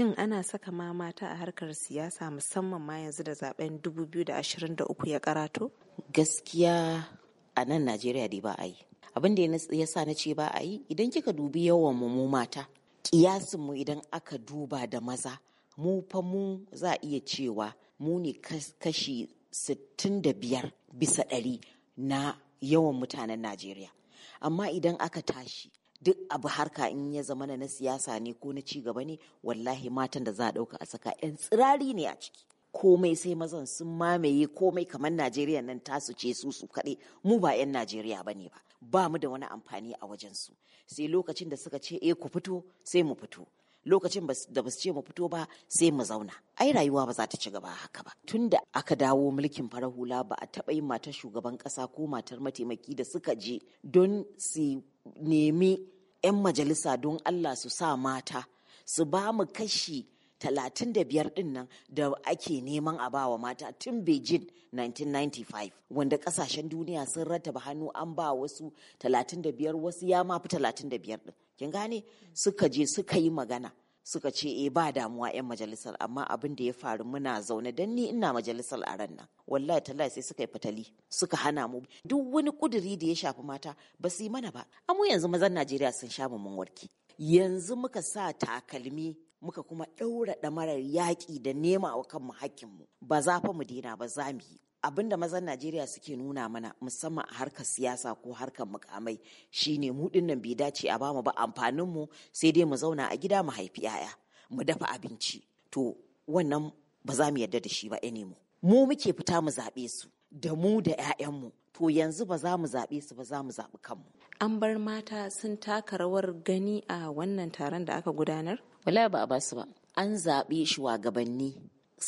shin ana saka ma mata a harkar siyasa musamman ma yanzu da zaben 2023 ya karato gaskiya a nan najeriya dai ba a yi abin da ya sa na ce ba a yi idan kika dubi yawan mu mata kiyasin mu idan aka duba da maza mu fa mu za iya cewa mu ne kashi 65 bisa ɗari na yawan mutanen najeriya amma idan aka tashi duk abu harka in ya zama na siyasa ne ko na cigaba ne wallahi matan da za a ɗauka a saka 'yan tsirari ne a ciki komai sai mazan sun mamaye komai kamar najeriya nan tasu ce su su kaɗai mu ba 'yan najeriya ba ne ba ba mu da wani amfani a wajensu sai lokacin da suka ce e ku fito sai mu fito lokacin da basu ce mu fito ba sai mu zauna ai rayuwa ba za ta ci gaba haka ba tun da aka dawo mulkin farahula ba a taɓa yin matar shugaban ƙasa ko matar mataimaki da suka je don su nemi 'yan majalisa don Allah su sa mata su ba mu kashi talatin da biyar din nan da ake neman a bawa mata tun Beijing 1995 wanda kasashen duniya sun rattaba hannu an ba wasu talatin da biyar wasu ya mafi talatin da biyar din kin gane suka je suka yi magana suka ce e ba damuwa yan majalisar amma abin da ya faru muna zaune don ni ina majalisar a ran nan wallahi ta sai suka yi fitali suka hana mu duk wani kuduri da ya shafi mata ba su yi mana ba amma yanzu mazan Najeriya sun sha mun warki yanzu muka sa takalmi muka kuma ɗaura ɗamarar yaƙi da nema wa kanmu hakkinmu ba za fa mu dina ba za mu yi abin da mazan Najeriya suke nuna mana musamman a harkar siyasa ko harkar mukamai shine mu dinnan bai dace a bamu ba amfanin mu sai dai mu zauna a gida mu haifi yaya mu dafa abinci to wannan ba za mu yarda da shi ba ene mu mu muke fita mu zaɓe su da mu da mu to yanzu ba za mu zaɓe su ba za mu zaɓi kanmu. An bar mata sun taka rawar gani a wannan taron da aka gudanar? Wala ba a ba ba. An zaɓe shugabanni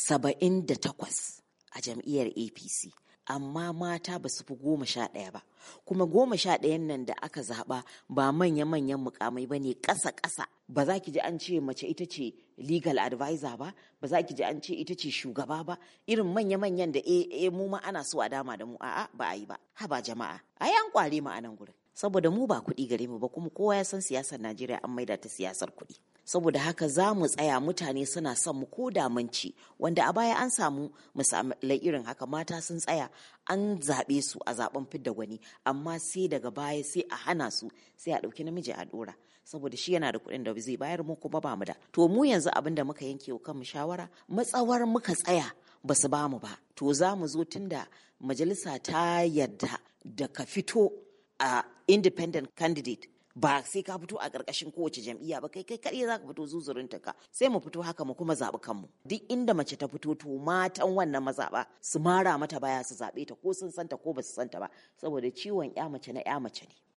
saba'in da takwas a jam'iyyar apc amma mata ba su fi goma sha ɗaya ba kuma goma sha ɗayan nan da aka zaɓa ba manya-manyan mukamai ba ne ƙasa kasa ba za ki ji an ce mace ita ce legal advisor ba ba za ki ji an ce ita ce shugaba ba irin manya-manyan da e, e mu ma ana so a dama da mu a'a ba a yi ba haba jama'a a yi an kware mu a nan gurin saboda mu ba kuɗi gare mu ba kuma kowa ya san siyasar najeriya an maida ta siyasar kuɗi saboda haka za mu tsaya mutane suna son mu ko damanci wanda a baya an samu misalai irin haka mata sun tsaya an zaɓe su a zaɓen fidda gwani amma sai daga baya sai a hana su sai a ɗauki namiji a ɗora saboda shi yana da kuɗin da zai bayar mu kuma ba mu da to mu yanzu abin da muka yanke kan mu shawara matsawar muka tsaya ba su ba mu ba to za mu zo tunda majalisa ta yarda da ka fito a independent candidate ba sai ka fito a ƙarƙashin kowace jam'iyya ba kai kai kaɗai za ka fito zuzurinta ka sai mu fito haka mu kuma zaɓi kanmu duk inda mace ta fito to matan wannan mazaɓa su mara mata baya su zaɓe ta ko sun santa ko ba su santa ba saboda ciwon ya mace na ya mace ne